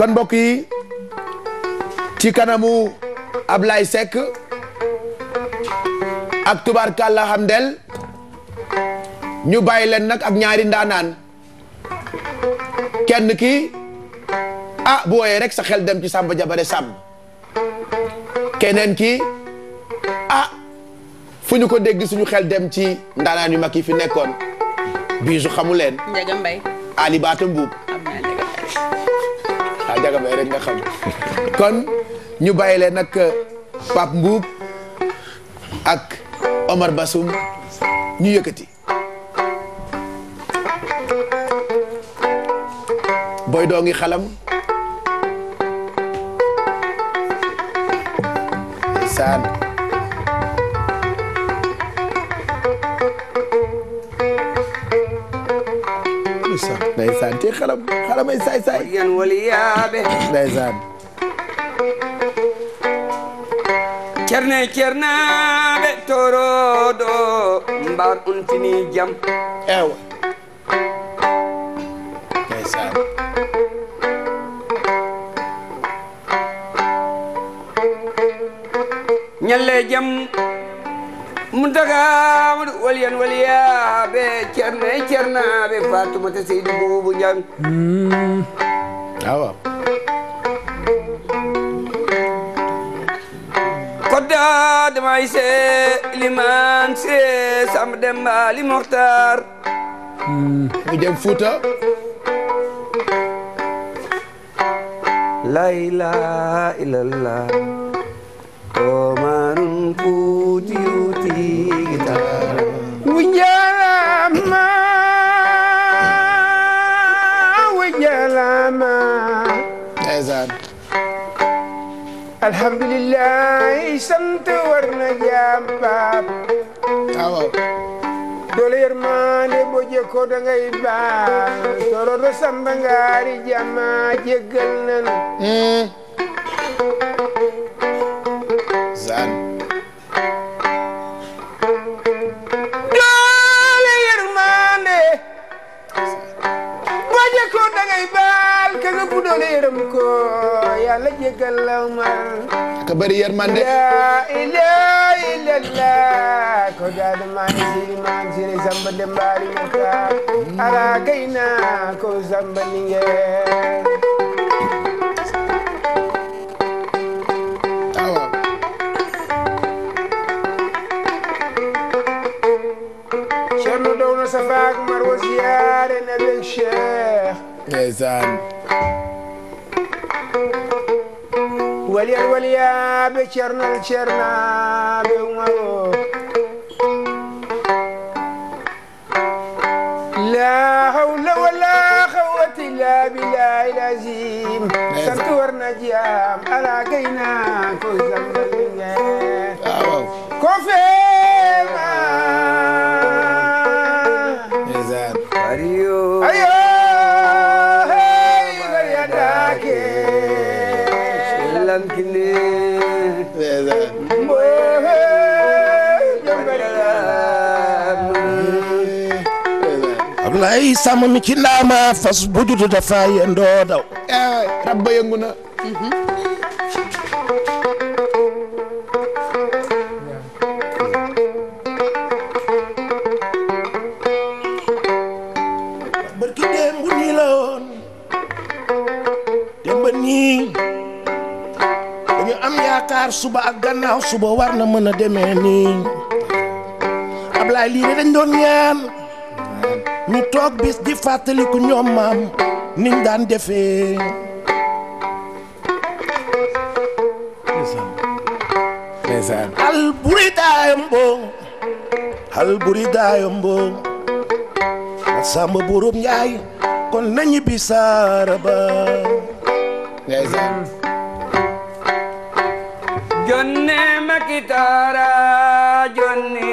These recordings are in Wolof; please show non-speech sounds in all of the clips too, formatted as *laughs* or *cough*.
kon mbokk yi ci kanamu Ablaye sekk ak tubaarkàlla ndel ñu bàyyi leen nag ak ñaari ndaanaan kenn ki ah bu wooyee rek sa xel dem ci Samba Jabare Samb keneen ki ah fu ñu ko dégg suñu xel dem ci ndaanaan yu mag yi fi nekkoon biisu xamu leen. Ndiaga Mbaye Ali Mbuub. ah jagabay rek nga xam kon ñu bàyyi leen nag euh, Pape Mbuub ak Omar Basum ñu yëkkati boy doo ngi xalam saan ndeysaan ndeysaan te xalam xalamay saay saay yan waliyaabe ndeysaan ceerne ceernaaɓe toroɗo mbar untini jam ewa ndeysaan ñalle jam muntaga Amadu waliyan waliya be cerne cerna be Fatumata Seydi Buubu Njang hmm. ah, awa kodda damay se liman se Samba Demba li Moxtaar ñu hmm. dem Fuuta la ilaha ye ko dangay baal tororo samba ngaari jama jéggal nanu eh. zan doole yërmande baje ko dangay baal ka nga bu doole yërëm ko yàlla jéggal la ma ka bari yërmande la ilaha illallah ko gaadu maa samba dembaari muka ala kayna ko samba ninge safaak mar wa ziyaare na beeg cheikh ndeysaan waliyal waliya be cernal cerna be umaro بالله العظيم سنت ورنا جام على كينا كل زمزم Ablaye sàmm mi ci ndaama fas bu judd dafa yendoo daw. rab ba yëngu na. barki démb nii la nii dañu am yaakaar suba ak gannaaw suba war na mën a demee nii Ablaye lii de dañ doon ñu toog bis di fàttaliku ñoom maam niñ daan defee hal buridaayambo hal buridaayambo samba buurub njaay kon nañu bi saara ba jonne ma kitaara jonne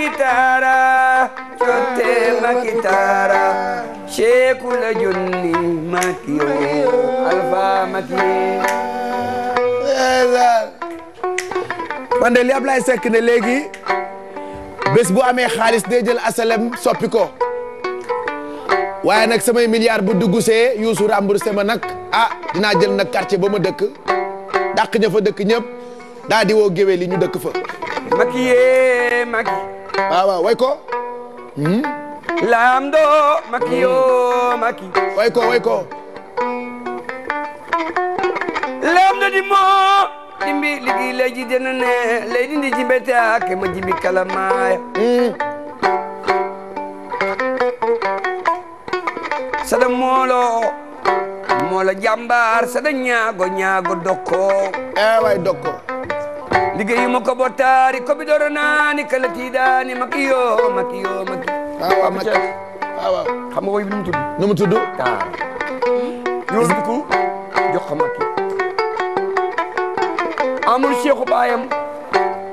makitara cotte makitara Cheikhula Jonni makiyo Alpha makiyo man de li Ablaye Seck ne léegi bés bu amee xaalis day jël asalem soppi ko waaye nag samay milliard bu dugg see Youssou remboursé ma nag ah dinaa jël nag quartier ba ma dëkk dàq ña fa dëkk ñëpp daa di woo géwél yi ñu dëkk fa. Macky yee Macky. waaw waaw way ko hmm? lamdo maki yo maki way ko way ko lamdo di mo dimbi ligi leji denane leydi ndi jimbete ake mo jimbi kala maya hmm? saɗa moolo moolo jambar saɗa ñaago ñaago dokko eway eh, dokko liggéeyuma ko bottaari ko bi doro naani kala tiidaani maki yo maki yo maki waaw maki waaw xam nga woy bi nu mu tudd nu mu tudd taar yóbbu ko jox ko maki amul cheikhu baayam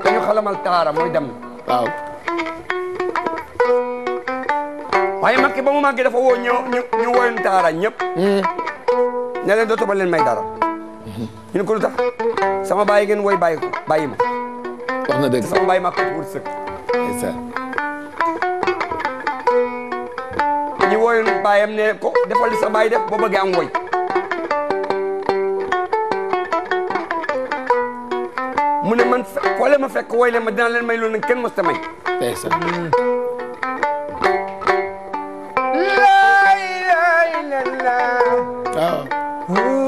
dañu xalamal taara mooy dem waaw makki ba mu màggee dafa woo ñu ñu taara ñëpp hmm. ne leen dootuma leen may dara hmm. ñu ne tax sama baay ngeen woy bàyyi ko bàyyi ma. sama baay ma ko wut sëkk. ñu woyoon baayam ne ko defal sa baay def boo bëggee am woy. mu ne man foole ma fekk woy le ma dinaa leen may loolu nag kenn mosut may. la ilaha illallah. waaw.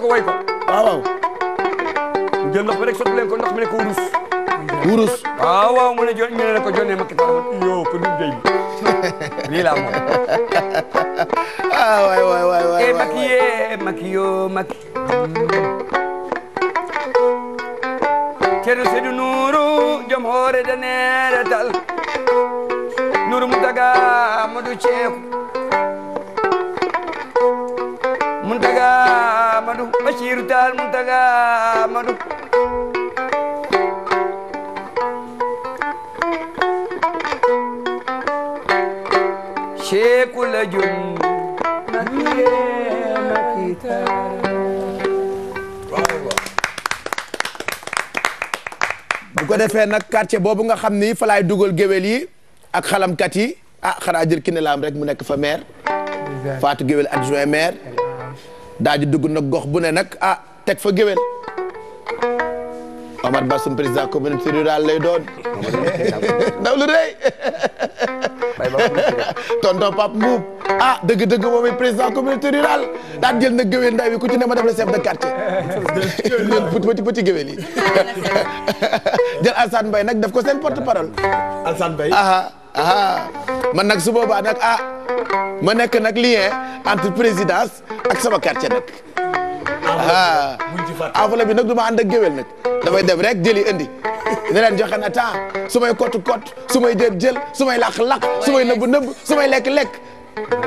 ko way ko waaw waaw mu jël ndox mi ne ko jon ne ko jonne ma kita yo ko laa moom ah, waay waay waay waay e eh, makiye eh, makiyo maki ceerno Seydou Nourou jom hoore daneere tal Nourou Moutaga Amadou Ceeku Muntaga Amadu Basiru Taal ko defee nag quartier boobu nga xam ni fa laay dugal géwél yi ak xalamkat yi ah xanaa jël ki laam rek mu nekk fa maire Fatou géwél adjoint maire daa di dugg gox bu ne nag a ah, teg fa géwél Omar Ba sum président communauté rurale lay doon *laughs* ndaw lu rëy *laughs* tonton Pape Mbuub ah dëgg-dëgg moom mooy président communauté rurale daan jël na géwél ndaw yi ku ci ne ma def la chef de quartier ñun *laughs* petit petit géwél yi jël Alsane Mbaye nag def ko seen porte parole Alsane Mbaye man nag su nag ah ma nekk nag lien entre présidence ak sama quartier nag. ah, ah enveloppe bi nag du ma ànd ak géwél nag damay dem rek jëli indi ne leen joxe na temps su may kott kott su may jël jël su may làq làq su may nëbb nëbb su may lekk lekk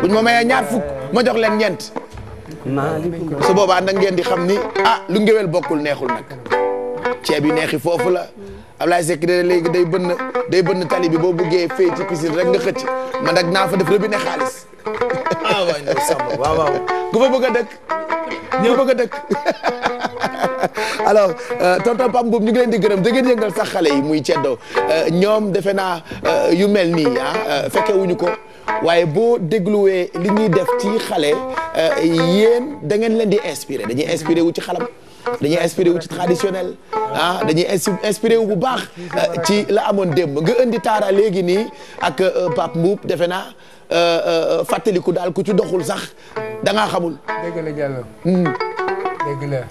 buñ ma mayee ñaar fukk ma jox leen ñeent. su boobaa nag ngeen di xam ni ah lu ngéwél bokkul neexul nag ceeb neexi foofu la Ablaye Seck léegi day bënn day bënn tali bi boo buggee fee ci piscine rek nga xëcc man nag naa fa def robinet xaalis. *laughs* ah waay Ndao Samba waaw fa bëgg a dëkk. ñëw bëgg a dëkk. *laughs* alors euh, tonton Pape Mboup ñu ngi leen di gërëm da ngeen yëngal sax xale yi muy ceddo euh, ñoom defe naa euh, yu mel nii ah fekke wuñu ko waaye boo dégluwee li ñuy def ci xale yéen da ngeen leen di inspiré dañuy inspiré wu ci xalam. dañuy inspiré wu ci traditionnel ah dañuy inspiré wu bu baax euh, ci la amoon démb nga indi taara léegi nii ak euh, Pape Mboup defe naa euh, fàttaliku daal ku ci doxul sax da xamul. dëgg la Diallo. Hmm. dëgg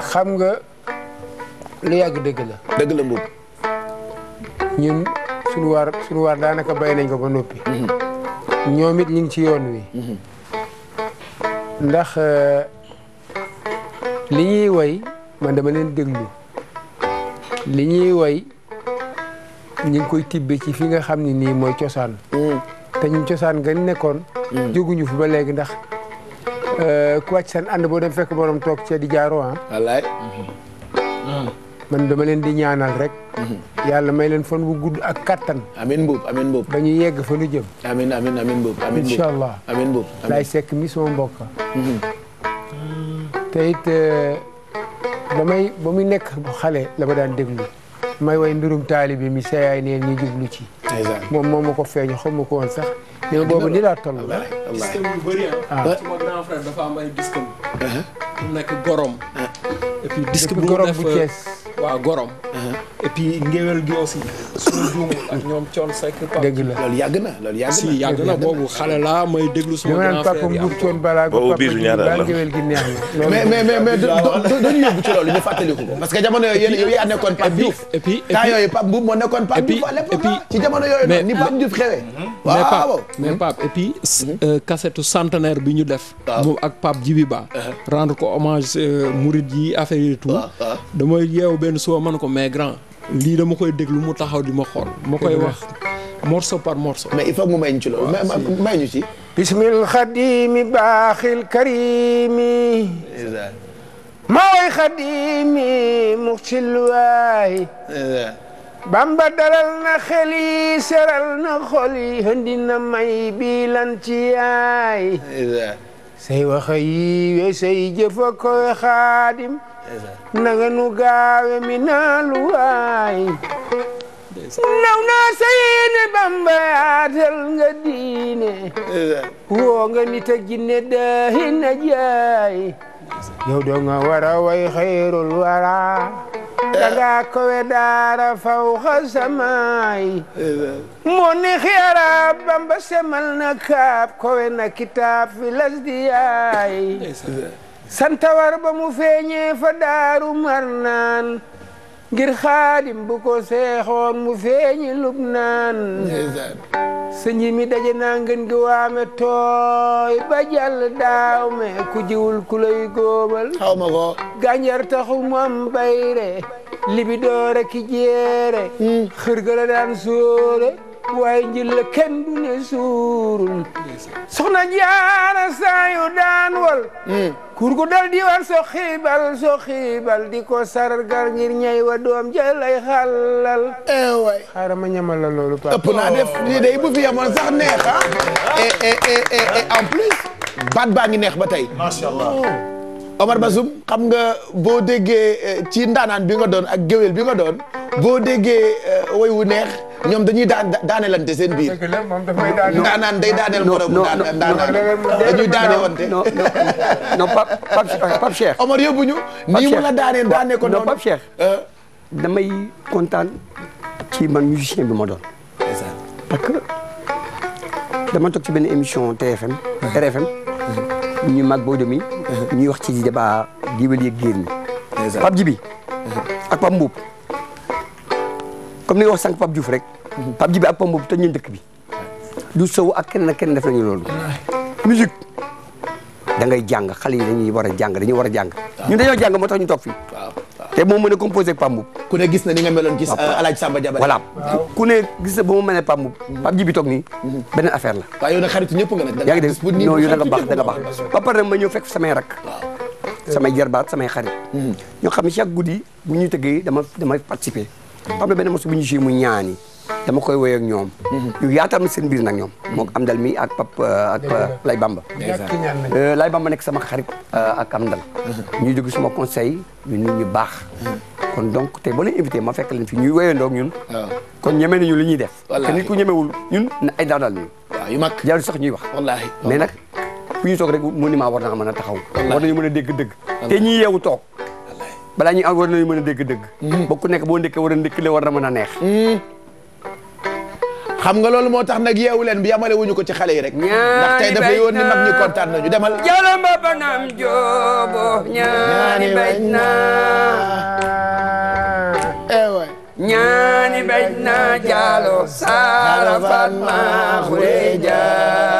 xam nga lu yàgg dëgg la. dëgg la Mboup. ñun sunu waar daanaka bay nañ ko ba noppi. Hmm. ñoom it ñu ngi ci yoon wi. Hmm. ndax. li ñuy woy man dama leen déglu li ñuy woy ñu ngi koy tibbe ci fi nga xam ne nii mooy cosaan mm. te ñun cosaan nga nekkoon mm. jóguñu fu ba léegi ndax euh, ku wàcc seen ànd boo dem fekk borom toog cee di jaaroo ah mm-hmm. mm. man dama leen di ñaanal rek mm-hmm. yàlla may leen fan bu gudd ak kattan amin mbuub amin mbuub ba ñu yegg fan nu jëm amin amin amin mbuub amin incha allah amin mbuub laay sekk mi sama mbokk mm-hmm. te it eh, ba may ba mu nekk xale la ma daan déglu may way mbirum taalibi mi sa ay neen ñu jublu ci. moom moom ma ko feeñu xam ko woon sax. mais boobu ni laa toll. wallaahi disque yu bëri ah. ah. ah. nekk gorom. Ah. et bu gorom bu Thiès. et puis ngéwél gi aussi suñu juumul ak ñoom Thione Seck. dëgg la loolu yàgg na loolu yàgg na si yàgg na boobu mais mais mais dañu yóbbu ci centenaire bi ñu def. moom ak Pape Djibi Ba. Uh-huh. rendre ko hommage euh, Mouride yi affaire yi tout. Ah, ah. damay yeew benn suba man ko mais grand lii dama koy déglu mu taxaw di ma xool ma koy wax morceau par morceau ci loolu may ci bismil xadimi baaxil karimi ma way xadimi muxsil waay bamba dalal na xel seral na xol yi may bi ci yaay say waxa we say jëfa koy xaadim nanga nu gaawe mi naalu waay naw naa sayine bambaatal nga diine woo nga nit a daahi na jaay yow doo nga way xayrul wara daga kowe daara fawxa samaay moo ni xiyara bamba semal na kaab kowe na kitaab filas di yaay santawar ba mu feeñee fa daaru marnaan ngir xaadim bu ko seexoon mu feeñi lubnaan sa ñi daje naa ngeen gi waame tooy ba jàll daaw me ku jiwul ku lay góobal xaw ma bayre libi doore ki jeere hmm. xërgala daan waaye njël la kenn du ne suurul soxna jaara saayu daan wal hmm. kur gu dal di war so xiibal so xiibal di ko sargal ngir ñay wa doom jëlay xalal eh waay xaaral ma ñamal la loolu pa ëpp day bu fi yemoon neex ah. Ah. Eh, eh, eh, baa ngi neex ba tey macha allah oh. Omar xam nga boo déggee ci ndaanaan bi nga doon ak géwél bi nga doon boo déggee woy wu neex ñoom dañuy daan daanelante seen biir. Ah, daanaan day daaneel borom daan daanaan dañuy daanewante. non non Pape *laughs* ñu. nii mu la daanee daane ko noonu non Pape Cheikh. Euh. damay kontaan ci man musicien bi ma doon. que dama toog ci benn émission TFM. Uh-huh. RFM. Uh-huh. ñu mag boo demee. Uh-huh. ñuy wax ci débat géwél yi géer ñi. Pape Djibi ak Pape Mboup comme ni wax sànq Pape Diouf rek. Pape Djibi ak Pam boobu tëj nañ dëkk bi du sow ak kenn kenn def nañu loolu musique da ngay jàng xale yi dañuy war a jàng dañuy war a jàng ñun dañoo jàng moo tax ñu toog fii te moo mën a composé ak Pape Mboup ku gis na ni nga meloon gis Alaaji Samba Diabate voilà ku ne gis na ba mu mel ne Pape Mboup mm-hmm. nii mm-hmm. beneen affaire la waaw yow nag ñëpp nga nag yaa ngi dégg ma ñëw fekk samay rak samay jarbaat samay xarit mm-hmm. ñoo xam ne chaque guddi bu ñuy tëggee dama damay participer xam na benn morceau bu ñu joué mu ñaani dama koy woy ak ñoom. Mhm. ñu yaatal ma seen biir nag ñoom. Mhm. moom Amdal mi ak pap euh, ak euh, Lay Bamba. Euh, Lay Bamba nekk sama xarit ak Amdal. Mhm. ñu jóg suma conseil ñu nit ñu baax. kon donc tey boo leen ma fekk leen fi ñuy dook ñun. Ah. kon ñeme nañu li ñuy def. wallaahi te nit ku ñemewul ñun ay daanal ñu. waaw yu mag jaarul sax ñuy wax. wallaahi mais nag fu ñu toog rek ma war naa mën a taxaw. war nañu mën a dégg dëgg. te ñi yeewu toog. balaa ñuy war nañu mën a dégg dëgg. ba ku nekk boo ndekkee war a ndekkilee war na mën a neex. xam nga loolu moo tax nag yeewu leen bi yamale ko ci xale yi rek ndax tey dafa yoon demal jalam ñaani bañ naa ewa saara fan maa xure